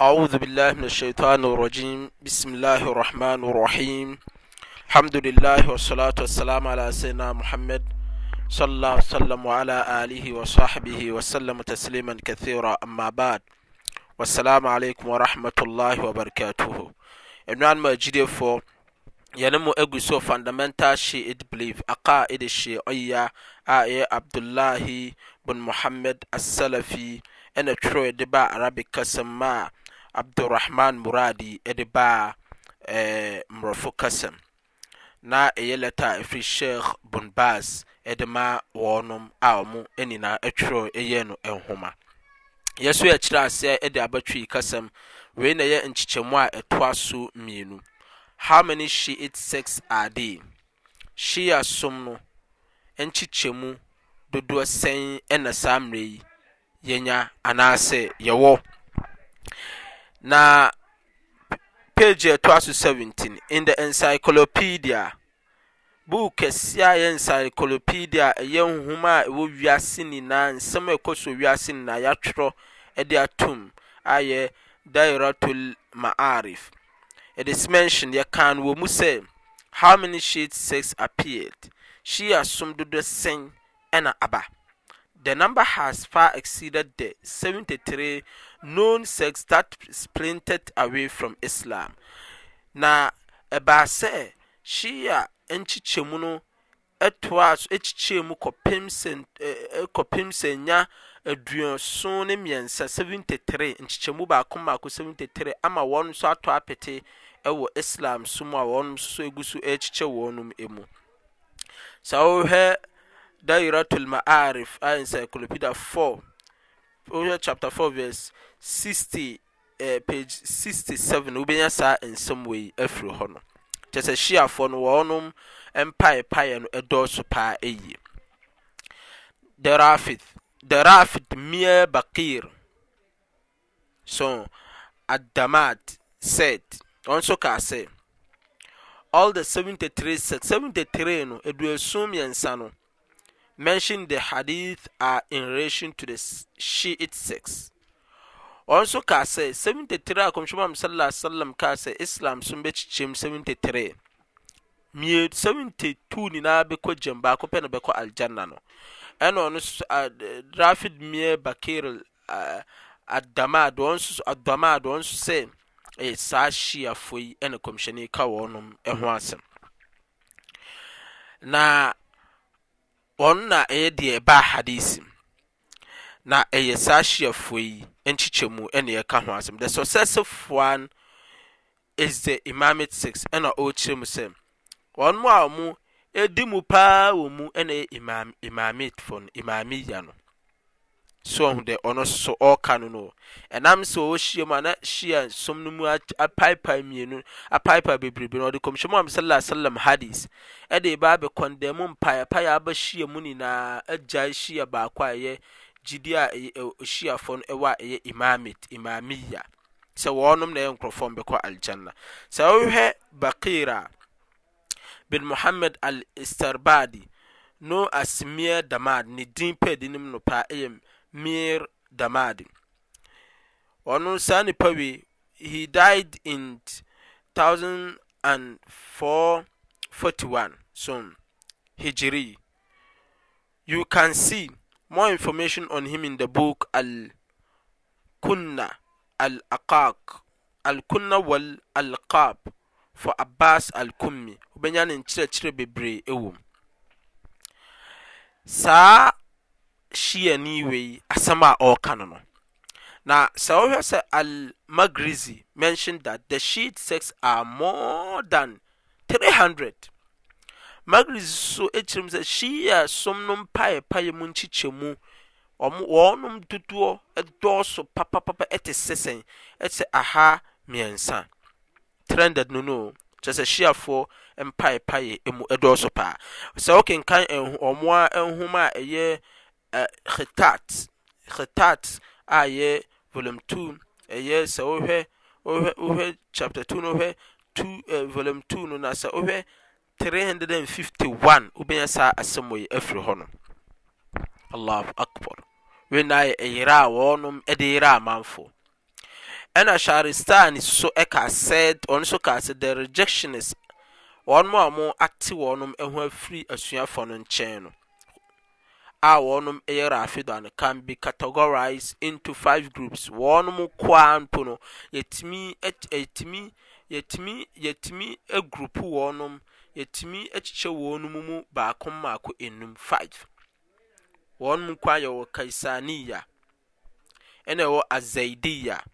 أعوذ بالله من الشيطان الرجيم بسم الله الرحمن الرحيم الحمد لله والصلاة والسلام على سيدنا محمد صلى الله وسلم على آله وصحبه وسلم تسليما كثيرا أما بعد والسلام عليكم ورحمة الله وبركاته إنوان مجري فو ينمو إغو سو فاندمنتال شيء إد بليف shi'iyya a ɛyɛ abdullahi bin muhammad asalafi ɛna twerɛ de ba arabic kasam ma a abdurrahman muradi ɛde baa ɛɛ eh, mmorɔfo kasam na ɛyɛ lɛta a ɛfiri sheikh bunbas ɛde ma wɔnom a wɔn nyinaa atwerɛ ɛyɛ no nhoma yɛso yɛkyerɛ aseɛ ɛde abatwi kasam wei na ɛyɛ nkyekyɛmu a ɛtoa so mmienu how many she it sex ade she asom no nkyekyɛmu dodoɔ sɛn na saa mmerɛ yi yɛnya anaasɛ yɛwɔ na page a2s17 in the encyclopaedia buuk kɛseaa yɛ encyclopaedia a ɛyɛ hohoma a ɛwɔ wiase nyinaa nsɛm a ɛkɔ so wiase nyinaa yɛatworɛ de atom ayɛ dyratol maarif ɛdismention yɛkaa no wɔ mu sɛ how many sheet sis appeared syi yɛ asomdodo sen ɛna aba The number has far exceeded the 73 known sects that splintered away from Islam. Na ɛbaa sɛ Shia nkyekyɛmu no ɛtoa so ekyikyia mu kɔpem sɛn ɛɛ kɔpem ne mmiɛnsa 73 three nkyekyɛmu baako baako 73 ama wɔn nso atɔ apete ɛwɔ islam so mu a wɔn nso egu so ɛrekyekyɛ wɔn mu saa wɔhwɛ dairatul ma'arif a encyclopedia 4 wohwɛ chapter 4 verse 60 eh, page 67 wobɛnya saa nsɛm wei afiri hɔ no kyɛ sɛ hyiafoɔ no wɔnom mpaepaeɛ no ɛdɔɔso paa ɛyie derafid derafid mia bakir so adamat said ɔnso kaa sɛ all the 73 73 no aduasum mmiɛnsa no mention the hadith in relati to the sheit s ɔnso ka sɛ 73 a kɔmhyɛmu am saslm kasɛ islam som bɛkyekyɛm 73 72 nyinaa bɛkɔ gyam baakɔ pɛ no bɛkɔ aljana no ɛnaɔdrafid mi bakir dmadamaa doɔnso sɛ saa syi afo yi na kɔmhyɛne ka wɔno ho asɛm wɔn na ɛyɛ deɛ ɛbaa hadisi na ɛyɛ saa ahyiafoɔ yi nkyekyɛmu ɛna ɛka ho asɛm the successful one is the imamate six ɛna ɔrekyerɛ mu sɛ wɔn mu a wɔn edi mu paa wɔ mu ɛna ɛyɛ imam imamate fo no imamiya no so ɔho dɛ ɔno so ɔɔka no no ɛnam sɛ ɔwɔ hyia mu ana hyia som no mu apaipai mmienu apaipai bebrebe no ɔde kɔmhyɛ mu am sallallahu alaihi wasallam hadis ɛde ba abɛkɔndɛ mu mpaeɛpaeɛ aba hyia mu nyinaa agya hyia baako a ɛyɛ gyidi a ɔhyiafoɔ no ɛwɔ a ɛyɛ imamit imamiya sɛ wɔnom na ɛyɛ nkurɔfoɔ no bɛkɔ aljanna sɛ wohwɛ bakira bin muhammad al-istarbadi no asmiya damad ne din pɛ dinim no paa ɛyɛ dama sa he died in1s you can see more information on him in the book a alkuna wl alkap for abbas alkumi yirire ere shiani niile asɛm a ɔreka no no na sɛ wohwɛ al-magrizi mentioned that the sheet sex are more than 300 magrizi so kyerɛm sɛ shia som no mpaeɛpaeɛ mu nkyekyɛmu wɔnom dodoɔ dɔɔso papapapa ɛte sɛ sɛn ɛte aha mmiɛnsa 300 no no kyerɛ sɛ shiafoɔ mpaepae mu ɛdɔɔso paa sɛ wokenkan ɔmo a nhoma a ɛyɛ gitat ayɛ vm2ysɛɛchap22 nasɛ wohɛ351 wobɛyasaa asɛm wɔyi afiri hɔ no l akbr weinayɛ yerɛ wɔnom de yerɛa manfo ɛna sharestane s kasɛ ɔns kasɛ the rejectiones ɔnm amo ate wɔnom ho afri asuafɔ no nkyɛn no a wɔnom yɛ rafidan can be categorized into five groups wɔnom koa mpo no yɛtumi yɛtumi yɛtumi yɛtumi agurupu wɔnom yɛtumi akyekyɛ wɔnom mu baako mmaako enum five wɔnom koa yɛwɔ kaisaniya ɛna ɛwɔ azaidiya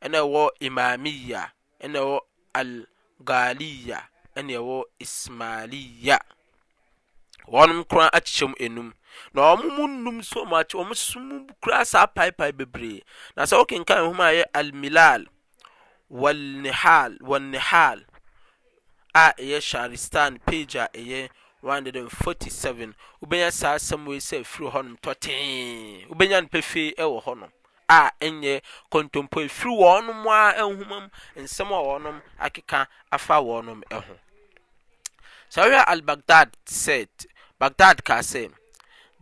ɛna ɛwɔ imamiya ɛna ɛwɔ algaliya ɛna ɛwɔ ismaliya wɔnom koraa akyekyɛ mu enum na ɔmomunnum somachɔm kora saa paepai bebree na sɛ wokenka hom ayɛ almilal wanihal a ɛyɛ sharistan page a ɛyɛ47 wobnya saa sɛmisɛ firi hɔnom tɔte wobnya npɛ fe wɔ ɔn a ɛyɛ cɔntmpo firi wɔɔno a ahomam nsɛm a wɔnom akeka afa wɔɔnom hsɛwo albagdadbagdad a ɛ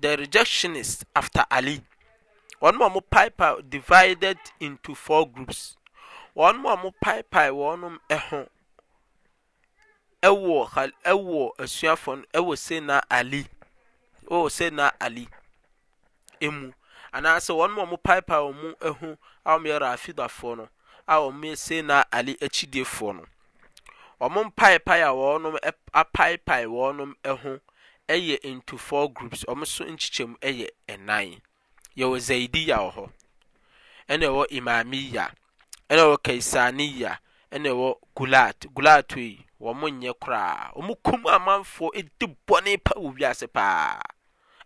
h rejectionis after ali ɔnm m pipa divided into four groups ɔn m pipai ɔnom h asuafɔsɛna ali mu anaasɛ wɔn m pipa m ho awmyɛrɛ afidafoɔ no amsena ali akyidie foɔ no moppa ɔnppa n ɛyɛ into four groups ɔmo nso nkyekyɛmu ɛyɛ ɛnan yɛwɔ zaidiya wɔ hɔ ɛna ɛwɔ imamiya ɛna ɛwɔ kaisaniya ɛna ɛwɔ gulat gulat yi wɔn nyɛ koraa wɔn kum amanfoɔ edi bɔne pa wɔ wiase paa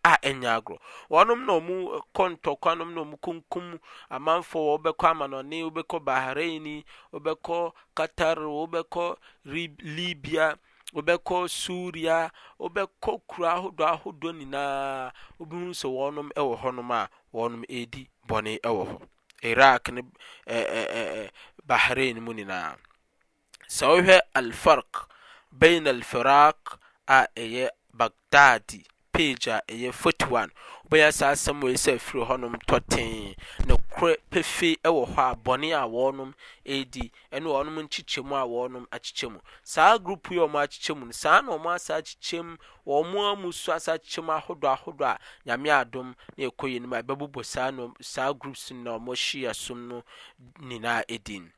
a ɛnyɛ agorɔ wɔnom na wɔn kɔ ntɔkwa nom na wɔn kunkum amanfoɔ wɔbɛkɔ amanɔne wɔbɛkɔ bahrain wɔbɛkɔ qatar wɔbɛkɔ libya. wo bɛkɔ suria wobɛkɔ koro aodɔ ahodɔ nyinaa wo bhu sɛ wɔnom wɔ hɔnom a ɔnm di bɔnewɔ hɔ irak n bahraine mu nyinaa sɛ wowɛ alfark bain alfirak a ɛyɛ baghdadi page a 41 woɛnya saa sɛm ɔɛsɛ afiri hɔnomtɔte korɔ pefe ɛwɔ hɔ a bɔne a wɔnom redi ne wɔnom nkyekyɛmu a wɔnom akyekyɛ mu saa group yi a wɔn akyekyɛ mu no saa na wɔn asa akyekyɛ mu wɔn a mu so asa akyekyɛ mu ahodoɔ ahodoɔ a nyame adom na ɛkɔ yie no mu a ɛbɛbobɔ saa na saa groups na wɔn ahyia som no nyinaa edin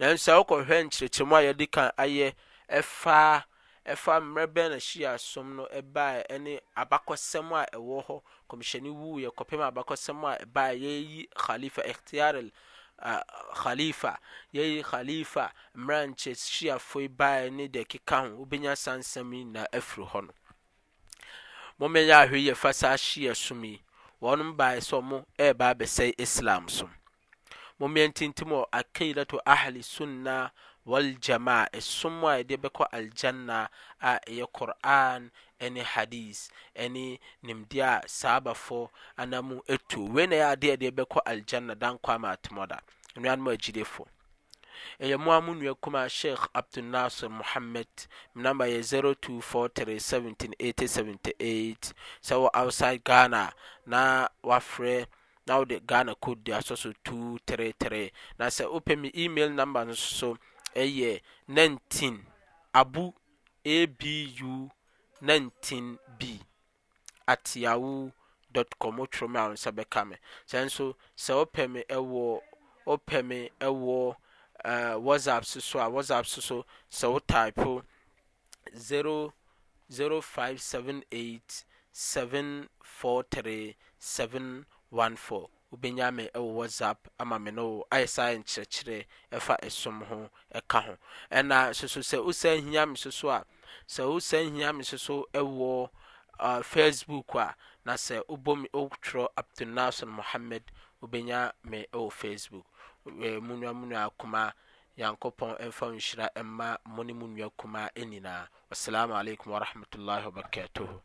nanso sɛ wɔkɔhwɛ nkyerɛkyerɛmu a yɛde kan ayɛ ɛfaa ɛfa mmerɛ bɛna syiyasom no ɛbaɛ ɛne abakɔsɛm a ɛwɔ hɔ kɔmisyɛne wu yɛkɔpam abakɔsɛm a ba yɛyi halifa ihtiar akalifa yɛyi halifa mmerankyɛ syiafoe baɛ ne de keka ho wobɛnya sanesam yina afiri hɔ no momayɛ ahwee yɛ fa saa syiasom yi ɔno baɛ sɛmo ba bɛsɛe islam so mmm tin tim akidato ahli sunna waljamaa ɛsomm a ade bɛkɔ aljanna a ɛyɛ kɔr'an ne hadis ne nimdea saabafɔ anamu tu weine adeade bɛkɔ aljanna dankɔ amatemɔ da nn agidef yɛmua mu na kuma shek abdunnaser mohamad nam 024317878 sɛ outside ghana na wfrɛ nawde ghana cod de asɔ so to tre tre na sɛ wo pɛ me email namber no sso ɛyɛ nenti abu abu nenti b at yaho d com wo terɛ me a won sɛ bɛka me siɛnso eh, sɛ wo pɛ me ɛwopɛ me ɛwɔɔ whatsapp soso a watsapp soso sɛ wo tae pe 057e 74 3 7 14 wobɛnya me ɛwɔ eh, whatsapp ama me no ayɛ saa nkyerɛkyerɛ ɛfa ɛsom ho ɛka ho ɛna soso sɛ wosan hia me soso a sɛ wosan hia me soso ɛwɔ uh, facebook a na sɛ wobɔ me wotwerɛ abdulnasor mohammed wobɛnya me ɛwɔ facebook eh, mu nua mu nua akoma nyankopɔn ɛmfa nhyira ɛma mo ne mu nua kuma ɛnyinaa wassalamu alaikum warahmatullahi wabarakatuhu